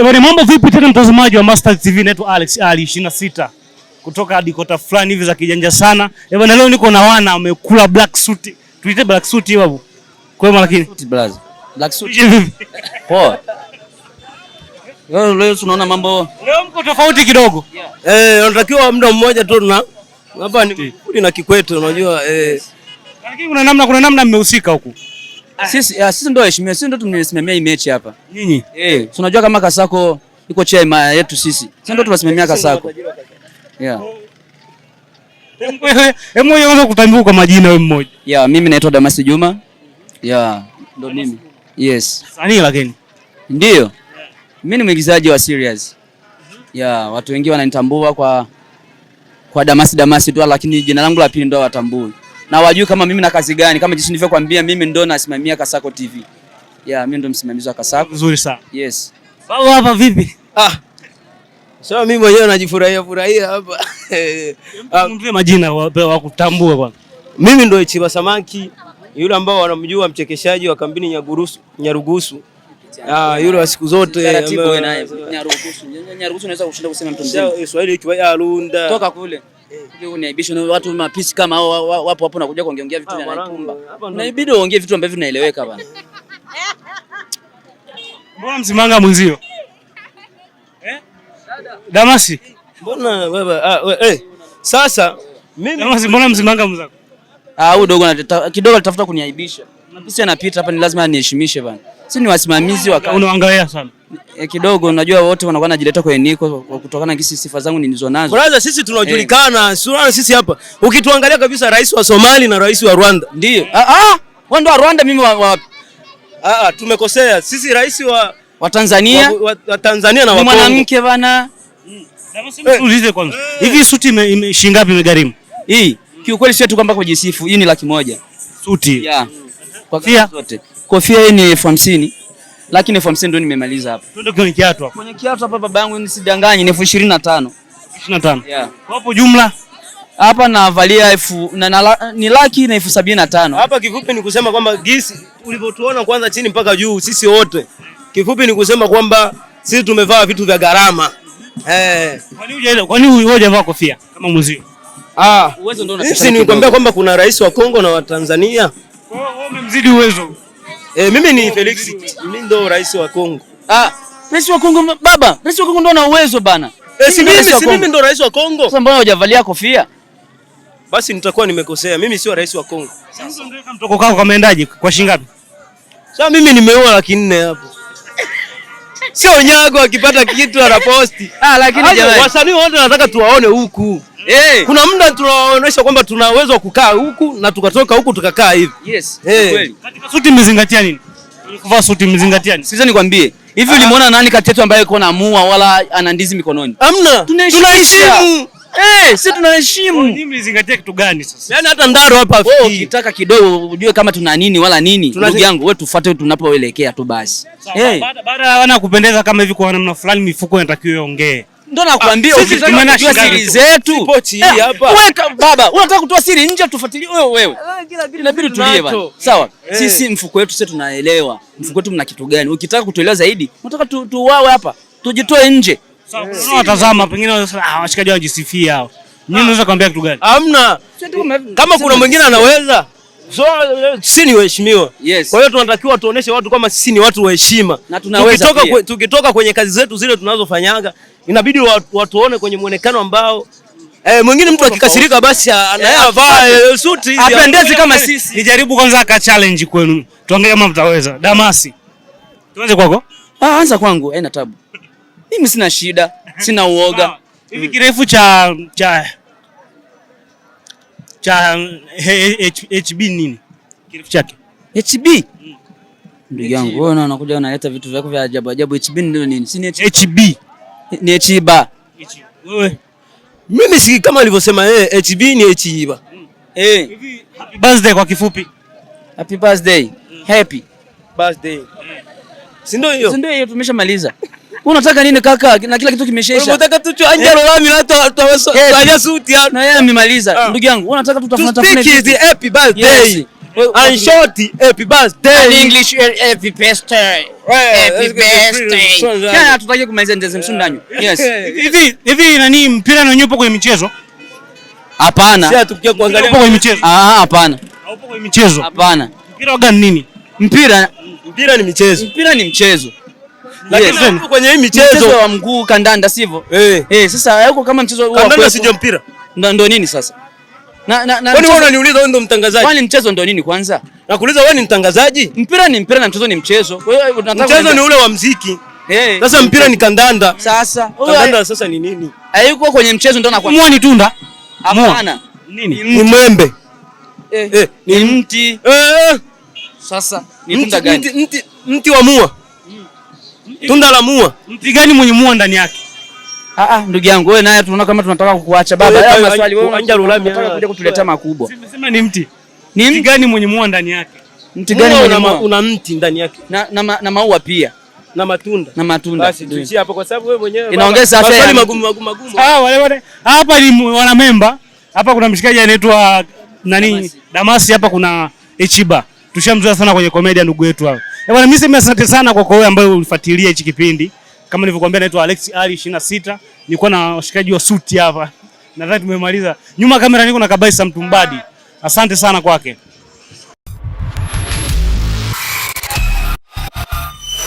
Ebani, mambo vipi tena mtazamaji wa Master TV, naitwa Alex Ali 26 kutoka dikota fulani hivi za kijanja sana. Ebani, leo niko na wana wamekula black suit. Tuite black suit hiyo babu. Kwa maana lakini suit blaza. Black suit. Poa. Leo leo tunaona mambo. Leo mko tofauti kidogo. Yeah. Eh, unatakiwa muda mmoja tu na hapa ni na Kikwete unajua eh. Lakini kuna namna kuna namna mmehusika huku. Ah. Sisi ya, sisi ndio heshima, sisi ndio tunasimamia hii mechi hapa. Nyinyi? Eh, unajua kama Kasako iko chama yetu sisi. Sisi ndio tunasimamia ah. Kasako. Yeah. Emu yeye wewe kutambua kwa majina wewe mmoja. Yeah, mimi naitwa Damas Juma. Yeah, ndo mimi. Yes. Sani lakini. Ndio. Yeah. Mimi ni mwigizaji wa serious. Yeah, watu wengi wananitambua kwa kwa Damas Damas tu, lakini jina langu la pili ndio watambui na wajui kama mimi na kazi gani, kama jinsi nilivyokuambia, mimi ndo nasimamia Kasako TV. Yeah, mimi ndo msimamizi wa Kasako. Nzuri sana. Yes. Baba hapa vipi? Ah. So mimi mwenyewe najifurahia furahia hapa. Mpe majina wa kutambua bwana. Mimi ndo Ichiba Samaki, yule ambao wanamjua mchekeshaji wa kambini Nyarugusu, Nyarugusu. Ah, yule wa siku zote. Nyarugusu. Nyarugusu unaweza kushinda kusema mtu mzima. Swahili ya Runda. Toka kule. Unaibisha watu mapisi kama hao wapo hapo, nakuja kuongea vitu vya ah, naipumba, ibidi uongee vitu ambavyo vinaeleweka bana. Mbona msimanga mwenzio eh? Damasi, mbona wewe Ah, we, eh. Sasa mimi Damasi, mbona msimanga mzako? Ah, huyu dogo kidogo alitafuta kuniaibisha. Mapisi anapita hapa, ni lazima aniheshimishe bana si ni wasimamizi wa kazi. unaangalia sana e, kidogo unajua, wote wanakuwa najileta kwenye niko kutokana kisi sifa zangu nilizo nazo. Brother, sisi tunajulikana e. Sura Sisi hapa ukituangalia kabisa, rais wa Somali na rais wa Rwanda ndio ah, ah! wao ndio wa Rwanda, mimi wa, wa... Ah, ah tumekosea sisi, rais wa wa Tanzania wa, wa wa Tanzania na wa Kongo mwanamke bana Tuulize hmm. eh. kwanza. Hivi suti ime shilingi ngapi imegharimu? Hii kiukweli sio tu kwamba kujisifu, hii ni laki moja. Suti. Yeah kwa Kofia zote. Kofia hii ni elfu hamsini lakini elfu hamsini ndio nimemaliza hapa. Twende kwenye kiatu hapa. Kwenye kiatu hapa baba yangu nisidanganye ni elfu ishirini na tano. Ishirini na tano. Yeah. Hapo jumla hapa navalia elfu na, na, ni laki na elfu sabini na tano. Hapa kifupi ni kusema kwamba gisi ulivyotuona kwanza chini mpaka juu sisi wote. Kifupi ni kusema kwamba sisi tumevaa vitu vya gharama. Eh. Kwa nini kwa nini hujavaa kofia kama mzee? Ah, uwezo ndio unataka. Sisi ni kwamba kuna rais wa Kongo na wa Tanzania umemzidi uwezo? Eh, mimi ni Felix, mimi ndo rais wa Kongo. Ah, rais wa Kongo baba, rais wa Kongo ndo ana uwezo bana. Eh, si mimi, si mimi ndo rais wa Kongo. Sasa mbona hujavalia kofia? Basi nitakuwa nimekosea. Mimi sio rais wa Kongo. Sasa ndio kama mtoko kako kameendaje? Kwa shilingi ngapi? Sasa mimi nimeua laki nne hapo. Sio nyago akipata kitu anaposti. Ah, lakini jamani, wasanii wote wanataka tuwaone huku. Hey. Kuna muda tunaonyesha kwamba tuna uwezo wa kukaa huku na tukatoka huku tukakaa hivi. Yes. Hey. Katika suti mzingatia nini? Kuvaa suti mzingatia nini? Sasa nikwambie. Hivi ulimwona ah. nani kati yetu ambaye yuko na mua wala ana ndizi mikononi? Hamna. Tunaheshimu. Eh, sisi tunaheshimu. Mimi mzingatia kitu gani sasa? Yaani hata ndaro hapa afiki. Oh, ukitaka kidogo ujue kama tuna nini wala nini. Ndugu yangu wewe tufuate tunapoelekea tu basi. Eh. Hey. Baada baada wana kupendeza kama hivi kwa namna fulani mifuko inatakiwa iongee. Ndo nakwambia ah, tunajua siri zetu. Eh, weka baba, unataka kutoa siri nje tufuatilie wewe wewe. Ah, Inabidi tulie bana. Sawa. Eh. Sisi mfuko wetu sisi tunaelewa. Mfuko wetu mna kitu gani? Ukitaka kutuelewa zaidi, unataka tuwawe hapa. Tujitoe nje. Sawa. Eh. Watazama pengine ah, washikaji wanajisifia hao. Mimi ah. naweza kuambia kitu gani? Hamna. Kama kuna mwingine anaweza So, sisi ni waheshimiwa. Yes. Kwa hiyo tunatakiwa tuoneshe watu kama sisi ni watu wa heshima. Tukitoka kwenye kazi zetu zile tunazofanyaga inabidi watu, watuone kwenye mwonekano ambao Eh, mwingine mtu akikasirika basi eh, anayavaa eh, suti apendezi kama eh, sisi. Nijaribu kwanza aka challenge kwenu. Tuangalie kama mtaweza. Damasi. Tuanze kwako? Ah, anza kwangu, haina tabu. Mimi sina shida, sina uoga. Ah, hivi kirefu cha cha cha HB nini? Kirefu chake. HB. Mm. Ndugu yangu, wewe unakuja unaleta vitu vyako vya ajabu ajabu. HB ndio nini? Si ni HB ni Echiba. Mimi si kama alivyosema yeye, HB ni Echiba. Eh. happy birthday kwa kifupi. Happy birthday. Happy birthday. Si ndio hiyo? Si ndio hiyo tumeshamaliza. Unataka nini kaka? Na kila kitu kimeshaisha. Unataka tu roho mimi na tutaweza. Tunaja suti. Na yeye amemaliza. Ndugu yangu, unataka tu tafuna. tafuna. Happy birthday. Yes. And shorty, happy birthday. English, uh, happy birthday. Happy birthday. Jana uh, tutaje kumaliza ndeze msundanyo. Yes. Hivi hivi nani mpira na nyupo kwenye michezo? Hapana. Sasa tukija kuangalia kwenye michezo. Ah, hapana. Haupo kwenye michezo. Hapana. Mpira gani nini? Mpira mpira ni michezo. Mpira ni mchezo. Lakini kwenye hii michezo wa mguu kandanda sivyo? Eh. Eh, sasa yuko kama mchezo wa kandanda sio mpira. Ndio nini sasa? kwani wewe unaniuliza wewe ndo mtangazaji? Kwani mchezo ndio nini kwanza? Nakuuliza wewe ni mtangazaji? Mpira ni mpira na mchezo ni mchezo. Kwa hiyo unataka mchezo ni ule wa mziki. Hey, eh. sasa mpira ni kandanda. Sasa kandanda sasa ni nini? Hayuko kwenye mchezo ndio nakwambia. Muone tunda. Hapana. Nini? Ni mwembe. Eh, eh, ni mti. Eh. eh. Sasa ni tunda gani? Mti, mti, mti wa mua. Hmm. Tunda la mua. Mti gani mwenye mua ndani yake? Ah, ah, ndugu yangu wewe naye tunaona kama tunataka kukuacha baba. Haya maswali wewe hapa kuja kutuletea makubwa. Sema ni mti. Ni mti gani mwenye mua ndani yake? Mti gani mwenye mua? Una mti ndani yake. Na na, na maua pia. Na matunda. Na matunda. Basi tuishie hapo kwa sababu wewe mwenyewe inaongeza afya. Maswali magumu magumu magumu. Ah, wale wale. Hapa ni wana memba. Hapa kuna mshikaji anaitwa nani? Damasi hapa kuna Echiba. Tushamzoea sana kwenye komedia ndugu yetu hapa. Eh, bwana mimi sema asante sana kwa kwa wewe ambaye ulifuatilia hichi kipindi. Kama nilivyokuambia naitwa Alex Ali 26 nilikuwa na washikaji wa suti hapa, nadhani tumemaliza. Nyuma kamera niko na Kabaisa Mtumbadi, asante sana kwake.